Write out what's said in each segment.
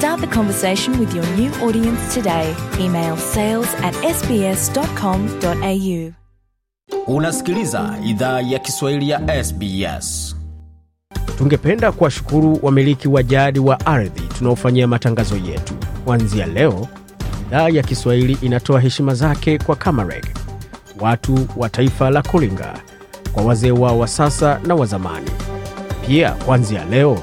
Start the conversation with your new audience today. Email sales at sbs.com.au. Unasikiliza idhaa ya Kiswahili ya SBS. Tungependa kuwashukuru wamiliki wa jadi wa ardhi tunaofanyia matangazo yetu. Kuanzia leo, idhaa ya Kiswahili inatoa heshima zake kwa Kamareg, watu wa taifa la Kulinga, kwa wazee wao wa sasa na wa zamani. Pia kuanzia leo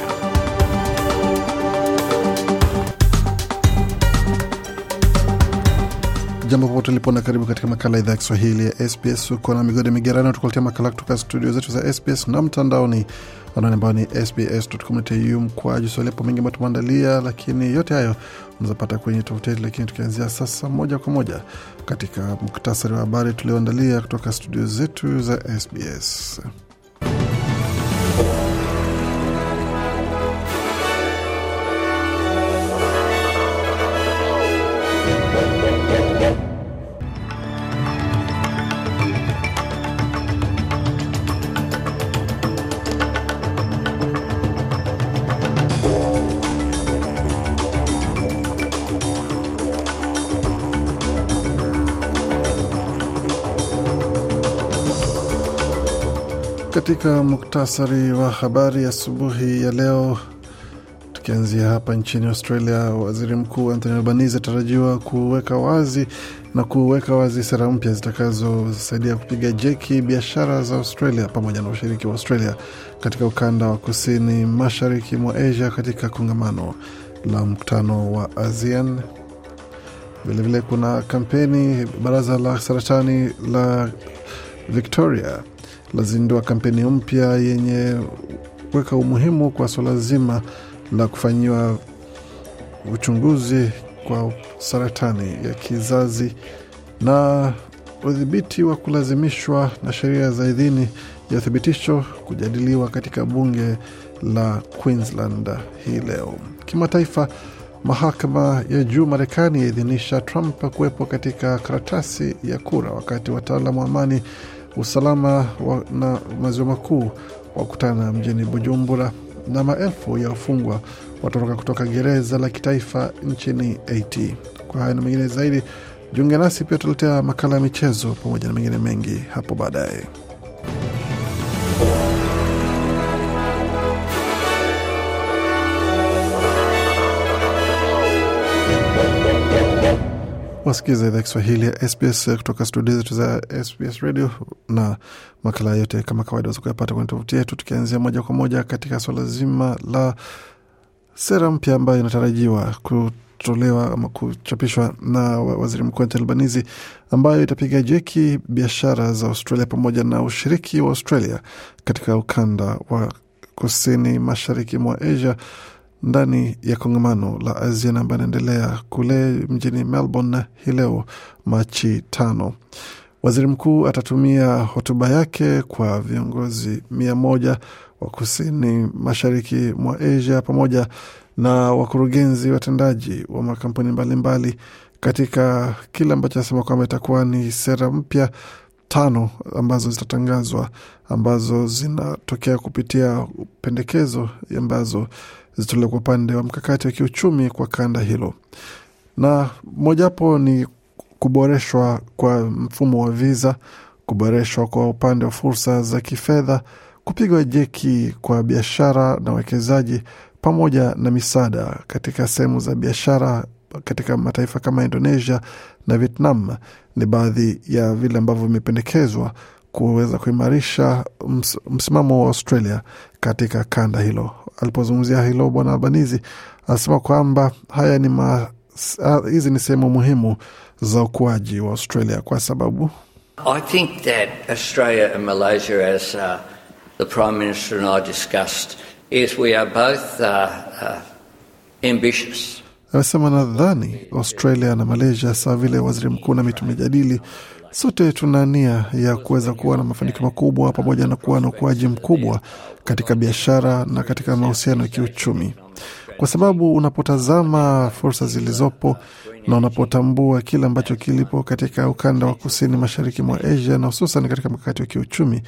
Jambo popote ulipo na karibu katika makala idhaa ya Kiswahili ya SBS. Uko na migodi migerano, tukuletea makala kutoka studio zetu za SBS na mtandaoni anani ambayo ni sbs.com.au mkwaju swali. Hapo mengi ambayo tumeandalia, lakini yote hayo unaweza pata kwenye tovuti Lakini tukianzia sasa moja kwa moja katika muktasari wa habari tulioandalia kutoka studio zetu za SBS. katika muktasari wa habari asubuhi ya, ya leo, tukianzia hapa nchini Australia, waziri mkuu Anthony Albanese atarajiwa kuweka wazi na kuweka wazi sera mpya zitakazosaidia kupiga jeki biashara za Australia pamoja na ushiriki wa Australia katika ukanda wa kusini mashariki mwa Asia katika kongamano la mkutano wa asian Vilevile kuna kampeni baraza la saratani la Victoria lazindua kampeni mpya yenye kuweka umuhimu kwa swala zima la kufanyiwa uchunguzi kwa saratani ya kizazi na udhibiti wa kulazimishwa na sheria za idhini ya uthibitisho kujadiliwa katika bunge la Queensland hii leo. Kimataifa, mahakama ya juu Marekani yaidhinisha Trump kuwepo katika karatasi ya kura, wakati wataalamu wa amani usalama wa, na maziwa makuu wakutana mjini Bujumbura na maelfu ya wafungwa watoroka kutoka gereza la kitaifa nchini Haiti. Kwa hayo na mengine zaidi, jiunge nasi pia, tutaletea makala ya michezo pamoja na mengine mengi hapo baadaye. Wasikiza idhaa Kiswahili ya SBS eh, kutoka studio zetu za SBS Radio na makala yote kama kawaida waweza kuyapata kwenye tovuti yetu, tukianzia moja kwa moja katika swala zima la sera mpya ambayo inatarajiwa kutolewa ama kuchapishwa na waziri mkuu Anthony Albanese ambayo itapiga jeki biashara za Australia pamoja na ushiriki wa Australia katika ukanda wa kusini mashariki mwa Asia ndani ya kongamano la asian ambayo inaendelea kule mjini Melbourne hii leo Machi tano. Waziri mkuu atatumia hotuba yake kwa viongozi mia moja wa kusini mashariki mwa Asia pamoja na wakurugenzi watendaji wa makampuni mbalimbali mbali, katika kile ambacho anasema kwamba itakuwa ni sera mpya tano ambazo zitatangazwa ambazo zinatokea kupitia pendekezo ambazo zitolea kwa upande wa mkakati wa kiuchumi kwa kanda hilo, na mojapo ni kuboreshwa kwa mfumo wa viza, kuboreshwa kwa upande wa fursa za kifedha, kupigwa jeki kwa biashara na uwekezaji, pamoja na misaada katika sehemu za biashara katika mataifa kama Indonesia na Vietnam ni baadhi ya vile ambavyo vimependekezwa kuweza kuimarisha msimamo wa Australia katika kanda hilo alipozungumzia hilo, bwana Albanizi anasema kwamba haya ni ma, hizi ni sehemu muhimu za ukuaji wa Australia kwa sababu I think that Australia and Malaysia as uh, the Prime Minister and I discussed is we are both uh, uh, ambitious. nadhani Australia na Malaysia sawa vile waziri mkuu na mitu mejadili Sote tuna nia ya kuweza kuwa na mafanikio makubwa pamoja na kuwa na ukuaji mkubwa katika biashara na katika mahusiano ya kiuchumi, kwa sababu unapotazama fursa zilizopo na unapotambua kile ambacho kilipo katika ukanda wa kusini mashariki mwa Asia na hususan katika mkakati wa kiuchumi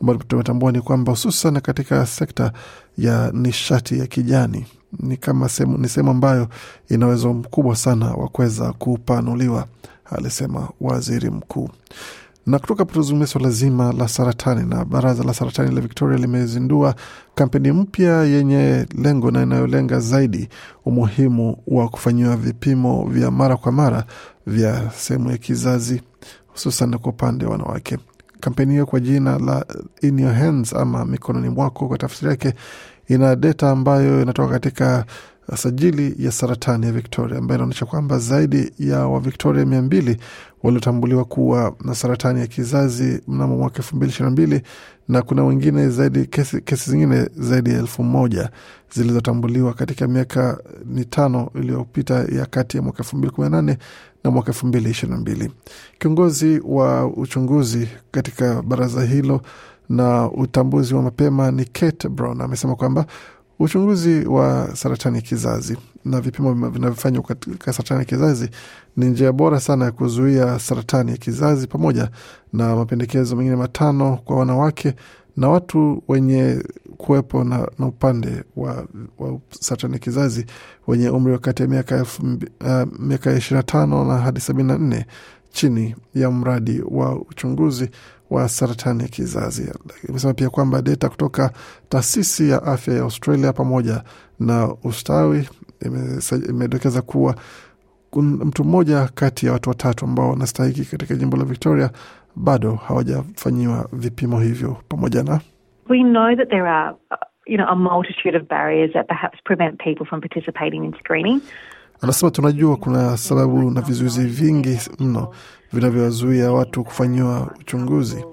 ambayo tumetambua ni kwamba hususan katika sekta ya nishati ya kijani ni kama sehemu, ni sehemu ambayo ina uwezo mkubwa sana wa kuweza kupanuliwa alisema waziri mkuu. Na kutoka tuzungumzia swala zima la saratani, na baraza la saratani la Victoria limezindua kampeni mpya yenye lengo na inayolenga zaidi umuhimu wa kufanyiwa vipimo vya mara kwa mara vya sehemu ya kizazi, hususan kwa upande wa wanawake. Kampeni hiyo kwa jina la In Your Hands ama mikononi mwako, kwa tafsiri yake ina data ambayo inatoka katika sajili ya saratani ya Victoria ambayo inaonyesha kwamba zaidi ya wa Victoria mia mbili waliotambuliwa kuwa na saratani ya kizazi mnamo mwaka elfu mbili ishirini na mbili na kuna wengine zaidi kesi, kesi zingine zaidi ya elfu moja zilizotambuliwa katika miaka mitano iliyopita ya kati ya mwaka elfu mbili kumi na nane na mwaka elfu mbili ishirini na mbili. Kiongozi wa uchunguzi katika baraza hilo na utambuzi wa mapema ni Kate Brown amesema kwamba Uchunguzi wa saratani ya kizazi na vipimo vinavyofanywa katika saratani ya kizazi ni njia bora sana ya kuzuia saratani ya kizazi, pamoja na mapendekezo mengine matano kwa wanawake na watu wenye kuwepo na, na upande wa, wa saratani ya kizazi wenye umri wa kati ya miaka eh, miaka ishirini na tano na hadi sabini na nne chini ya mradi wa uchunguzi wa saratani ya kizazi. Imesema pia kwamba data kutoka taasisi ya afya ya Australia pamoja na ustawi imedokeza kuwa mtu mmoja kati ya watu watatu ambao wanastahiki katika jimbo la Victoria bado hawajafanyiwa vipimo hivyo pamoja na We know that there are uh, you know, a multitude of barriers that perhaps prevent people from participating in screening. Anasema tunajua kuna sababu na vizuizi vingi mno vinavyowazuia watu kufanyiwa uchunguzi,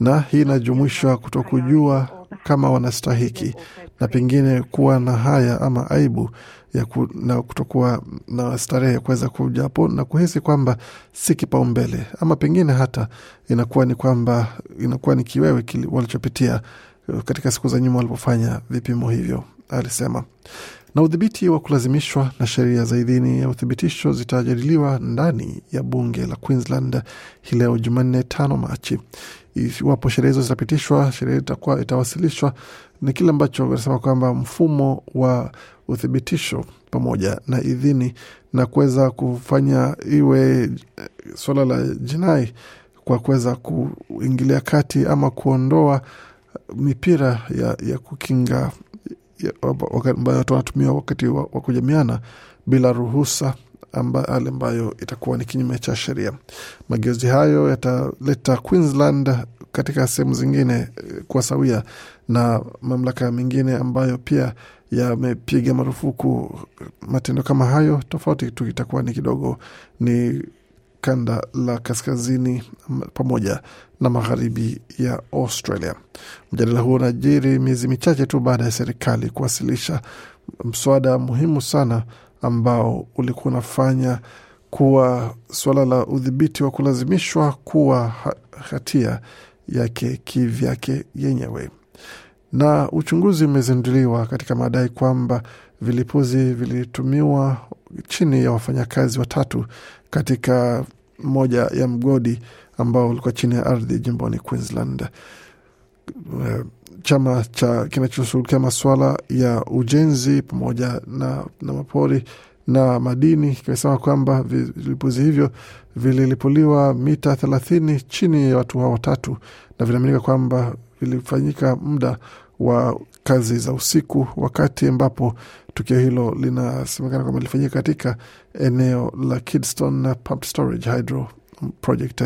na hii inajumuishwa kutokujua kama wanastahiki na pengine kuwa na haya ama aibu ya ku, na kutokuwa na starehe ya kuweza kuja hapo na kuhisi kwamba si kipaumbele, ama pengine hata inakuwa ni kwamba inakuwa ni kiwewe walichopitia eh, katika siku za nyuma walipofanya vipimo hivyo, alisema na udhibiti wa kulazimishwa na sheria za idhini ya uthibitisho zitajadiliwa ndani ya bunge la Queensland hii leo Jumanne, tano Machi. Iwapo sheria hizo zitapitishwa, sheria itakuwa itawasilishwa ni kile ambacho wanasema kwamba mfumo wa uthibitisho pamoja na idhini na kuweza kufanya iwe eh, suala la jinai kwa kuweza kuingilia kati ama kuondoa mipira ya, ya kukinga ambayo watu wanatumia wakati wa, wa kujamiana bila ruhusa hali ambayo itakuwa ni kinyume cha sheria. Mageuzi hayo yataleta Queensland katika sehemu zingine eh, kuwa sawia na mamlaka mengine ambayo pia yamepiga marufuku matendo kama hayo. Tofauti tu itakuwa ni kidogo ni kanda la kaskazini pamoja na magharibi ya Australia. Mjadala huo unajiri miezi michache tu baada ya serikali kuwasilisha mswada muhimu sana ambao ulikuwa unafanya kuwa suala la udhibiti wa kulazimishwa kuwa hatia yake kivyake yenyewe. Na uchunguzi umezinduliwa katika madai kwamba vilipuzi vilitumiwa chini ya wafanyakazi watatu katika moja ya mgodi ambao ulikuwa chini ya ardhi jimboni Queensland. Eh, chama cha kinachoshughulikia masuala ya ujenzi pamoja na, na mapori na madini kimesema kwamba vilipuzi hivyo vililipuliwa mita thelathini chini ya watu hao watatu, na vinaaminika kwamba vilifanyika muda wa kazi za usiku, wakati ambapo tukio hilo linasemekana kwamba lilifanyika katika eneo la Kidston Storage Hydro Project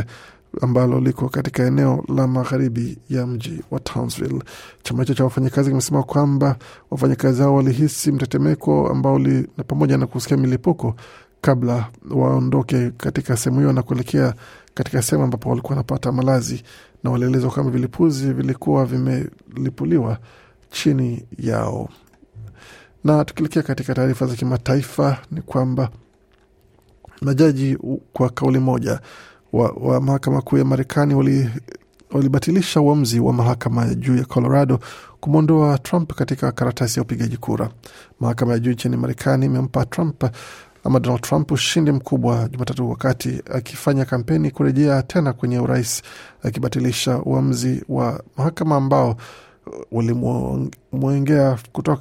ambalo liko katika eneo la magharibi ya mji wa Townsville. Chama hicho cha wafanyakazi kimesema kwamba wafanyakazi hao walihisi mtetemeko ambao na pamoja na kusikia milipuko kabla waondoke katika sehemu hiyo na kuelekea katika sehemu ambapo walikuwa wanapata malazi, na walielezwa kwamba vilipuzi vilikuwa vimelipuliwa chini yao. Na tukilekea katika taarifa za kimataifa ni kwamba majaji kwa kauli moja wa, wa mahakama kuu ya Marekani wali walibatilisha uamuzi wa mahakama ya juu ya Colorado kumwondoa Trump katika karatasi ya upigaji kura. Mahakama ya juu nchini Marekani imempa Trump ama Donald Trump ushindi mkubwa Jumatatu wakati akifanya kampeni kurejea tena kwenye urais, akibatilisha uamuzi wa mahakama ambao ulimwengea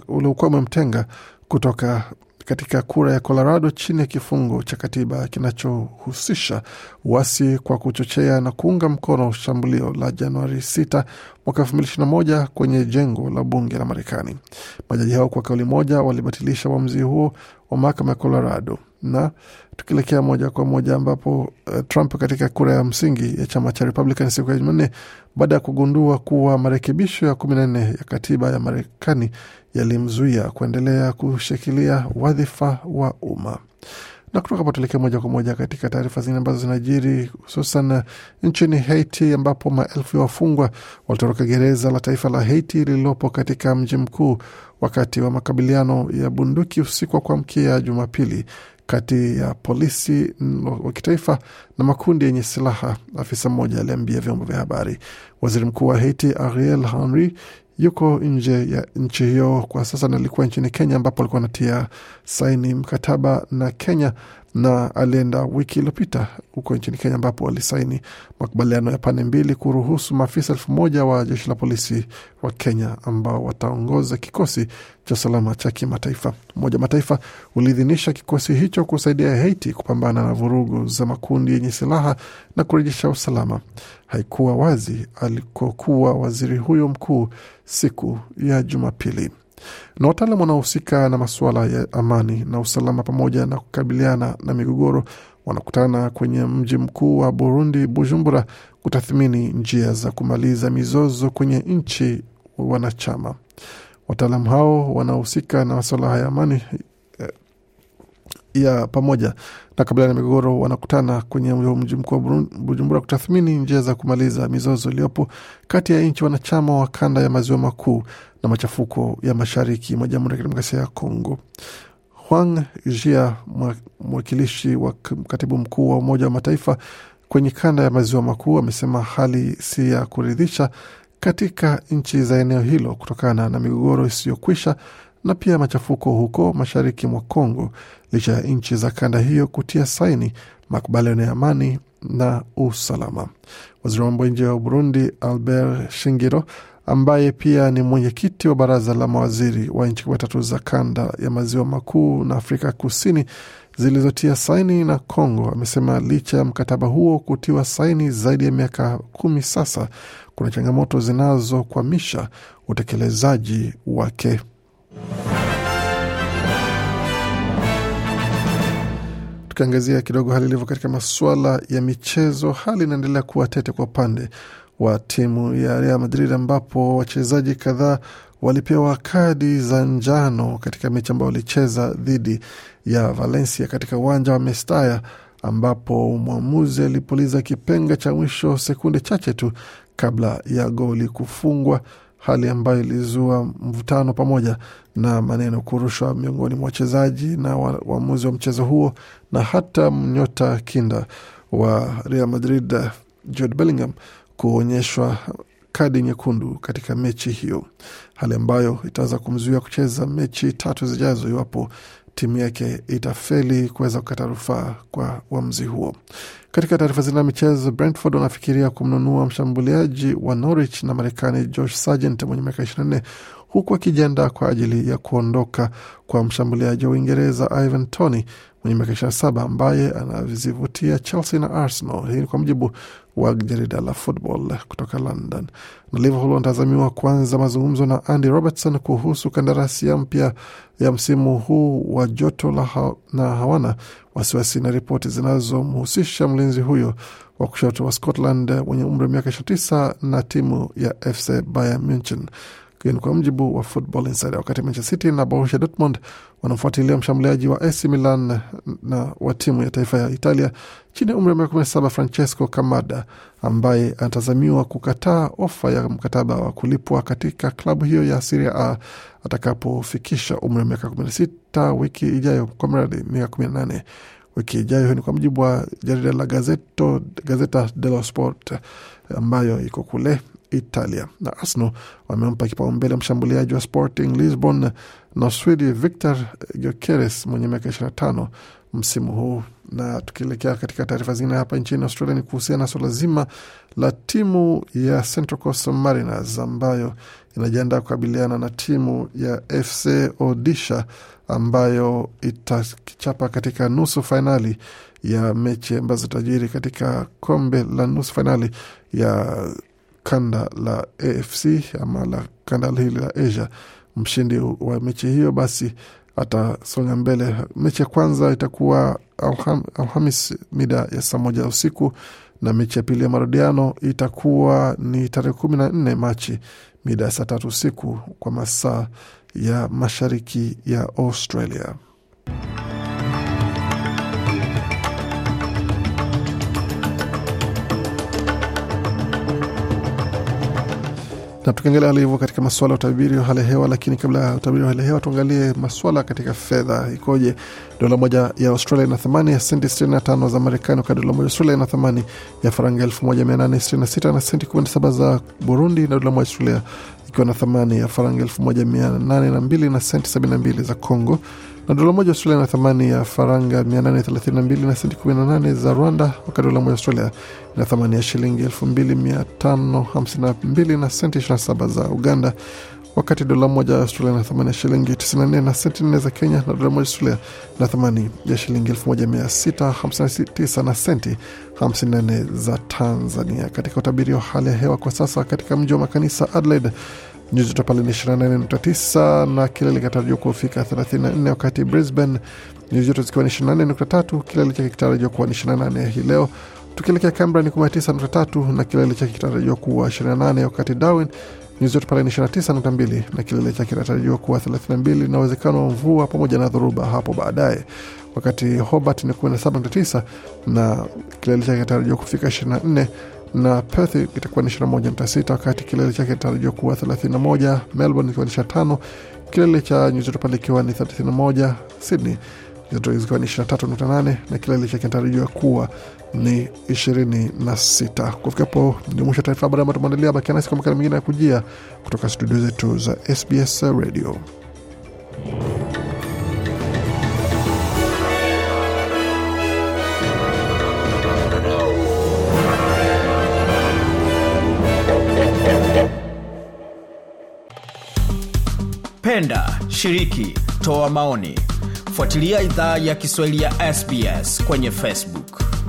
uliokuwa umemtenga kutoka katika kura ya Colorado chini ya kifungo cha katiba kinachohusisha uasi kwa kuchochea na kuunga mkono shambulio la Januari 6 mwaka 2021 kwenye jengo la bunge la Marekani. Majaji hao kwa kauli moja walibatilisha uamuzi huo wa mahakama ya Colorado. Na tukielekea moja kwa moja ambapo uh, Trump katika kura ya msingi ya chama cha Republican siku ya Jumanne baada ya kugundua kuwa marekebisho ya kumi na nne ya katiba ya Marekani yalimzuia kuendelea kushikilia wadhifa wa umma. Na kutoka hapo tuelekee moja kwa moja katika taarifa zingine ambazo zinajiri hususan eh, nchini Haiti, ambapo maelfu ya wafungwa walitoroka gereza la taifa la Haiti lililopo katika mji mkuu wakati wa makabiliano ya bunduki usiku wa kuamkia Jumapili kati ya polisi wa kitaifa na makundi yenye silaha, afisa mmoja aliambia vyombo vya habari. Waziri mkuu wa Haiti Ariel Henry yuko nje ya nchi hiyo kwa sasa, na alikuwa nchini Kenya ambapo alikuwa anatia saini mkataba na Kenya na alienda wiki iliyopita huko nchini Kenya ambapo alisaini makubaliano ya pande mbili kuruhusu maafisa elfu moja wa jeshi la polisi wa Kenya ambao wataongoza kikosi cha usalama cha kimataifa. Umoja Mataifa uliidhinisha kikosi hicho kusaidia Haiti kupambana na vurugu za makundi yenye silaha na kurejesha usalama. Haikuwa wazi alikokuwa waziri huyo mkuu siku ya Jumapili na wataalam wanaohusika na masuala ya amani na usalama pamoja na kukabiliana na migogoro wanakutana kwenye mji mkuu wa Burundi, Bujumbura, kutathmini njia za kumaliza mizozo kwenye nchi wanachama. Wataalamu hao wanaohusika na masuala ya amani ya pamoja na kabla na migogoro wanakutana kwenye mji mkuu wa Bujumbura kutathmini njia za kumaliza mizozo iliyopo kati ya nchi wanachama wa kanda ya maziwa makuu na machafuko ya mashariki mwa Jamhuri ya Kidemokrasia ya Kongo. Huang Jia, mwakilishi wa katibu mkuu wa Umoja wa Mataifa kwenye kanda ya maziwa makuu, amesema hali si ya kuridhisha katika nchi za eneo hilo kutokana na migogoro isiyokwisha na pia machafuko huko mashariki mwa congo licha ya nchi za kanda hiyo kutia saini makubaliano ya amani na usalama. Waziri wa mambo nje wa Burundi Albert Shingiro ambaye pia ni mwenyekiti wa baraza la mawaziri wa nchi kumi tatu za kanda ya maziwa makuu na Afrika Kusini zilizotia saini na congo amesema licha ya mkataba huo kutiwa saini zaidi ya miaka kumi sasa, kuna changamoto zinazokwamisha utekelezaji wake. Tukiangazia kidogo hali ilivyo katika masuala ya michezo, hali inaendelea kuwa tete kwa upande wa timu ya Real Madrid ambapo wachezaji kadhaa walipewa kadi za njano katika mechi ambayo walicheza dhidi ya Valencia katika uwanja wa Mestaya, ambapo mwamuzi alipuliza kipenga cha mwisho sekunde chache tu kabla ya goli kufungwa hali ambayo ilizua mvutano pamoja na maneno kurushwa miongoni mwa wachezaji na waamuzi wa mchezo huo na hata mnyota kinda wa Real Madrid Jude Bellingham kuonyeshwa kadi nyekundu katika mechi hiyo, hali ambayo itaweza kumzuia kucheza mechi tatu zijazo iwapo timu yake itafeli kuweza kukata rufaa kwa uamuzi huo. Katika taarifa zingine za michezo, Brentford wanafikiria kumnunua mshambuliaji wa Norwich na Marekani Josh Sargent mwenye miaka 24 huku akijiandaa kwa ajili ya kuondoka kwa mshambuliaji wa Uingereza Ivan Tony mwenye miaka 27 ambaye anavizivutia Chelsea na Arsenal. Hii ni kwa mujibu wa jarida la Football kutoka London. Na Liverpool wanatazamiwa kuanza mazungumzo na Andy Robertson kuhusu kandarasi mpya ya msimu huu wa joto la ha na hawana wasiwasi na ripoti zinazomhusisha mlinzi huyo wa kushoto wa Scotland mwenye umri wa miaka 29 na timu ya FC Bayern Munich hiyo ni kwa mjibu wa Football Insider. Wakati Manchester City na Borussia Dortmund wanamfuatilia mshambuliaji wa AC Milan na wa timu ya taifa ya Italia chini ya umri wa miaka 17 Francesco Camada ambaye anatazamiwa kukataa ofa ya mkataba wa kulipwa katika klabu hiyo ya Serie A atakapofikisha umri wa miaka 16 wiki ijayo, kwa mradi miaka 18 wiki ijayo. Hiyo ni kwa mjibu wa jarida la Gazeto, Gazeta dello Sport ambayo iko kule Italia. Na Arsenal wamempa kipaumbele mshambuliaji wa Sporting Lisbon na Swedi Victor Gyokeres mwenye miaka 25 msimu huu. Na tukielekea katika taarifa zingine hapa nchini Australia, ni kuhusiana na swala zima la timu ya Central Coast Mariners ambayo inajiandaa kukabiliana na timu ya FC Odisha ambayo itachapa katika nusu fainali ya mechi ambazo zitajiri katika kombe la nusu fainali ya kanda la AFC ama la kanda hili la Asia. Mshindi wa mechi hiyo basi atasonga mbele. Mechi ya kwanza itakuwa Alhamis mida ya saa moja usiku na mechi ya pili ya marudiano itakuwa ni tarehe kumi na nne Machi mida ya saa tatu usiku kwa masaa ya mashariki ya Australia. na tukiangalia hali hivyo katika masuala ya utabiri wa hali ya hewa. Lakini kabla ya utabiri wa hali ya hewa, tuangalie masuala katika fedha ikoje. Dola moja ya Australia ina thamani ya senti 65 za Marekani, wakati dola moja Australia ina thamani ya faranga 1826 na senti 17 za Burundi, na dola moja Australia ikiwa na thamani ya faranga elfu moja mia nane na mbili na senti na mbili za Congo na dola moja Australia ina thamani ya faranga mia nane thelathini na senti kumi na nane za Rwanda, wakati dola moja Australia ina thamani ya shilingi elfu mbili mia tano hamsini na mbili na senti saba za Uganda, wakati dola moja ya Australia na thamani ya shilingi 94 na senti 4 za Kenya na dola moja Australia na thamani ya shilingi 1659 na senti 54 za Tanzania. Katika utabiri wa hali ya hewa kwa sasa katika mji wa makanisa Adelaide nyuzi joto pale ni 24.9 na kilele kinatarajiwa kufika 34, wakati Brisbane nyuzi joto zikiwa ni 24.3, kilele chake kitarajiwa kuwa ni 28 hii leo. Tukielekea Canberra ni 19.3 na kilele chake kitarajiwa kuwa 28, wakati Darwin nyuzi joto pale ni 29.2 na kilele chake kinatarajiwa kuwa 32 na uwezekano wa mvua pamoja na dhoruba hapo baadaye, wakati Hobart ni 17.9 na kilele chake kinatarajiwa kufika 24 na Perth itakuwa ni 21.6 wakati kilele chake kinatarajiwa kuwa 31, Melbourne ikiwa ni 25, kilele cha nyuzi joto pale ikiwa ni 31, Sydney zikiwa ni 23.8 na kilele chake kinatarajiwa kuwa ni 26. Kufikia hapo ni mwisho wa taarifa habari ambayo tumeandalia. Bakia nasi kwa makala mengine ya kujia kutoka studio zetu za SBS Radio. Penda, shiriki, toa maoni, fuatilia idhaa ya Kiswahili ya SBS kwenye Facebook.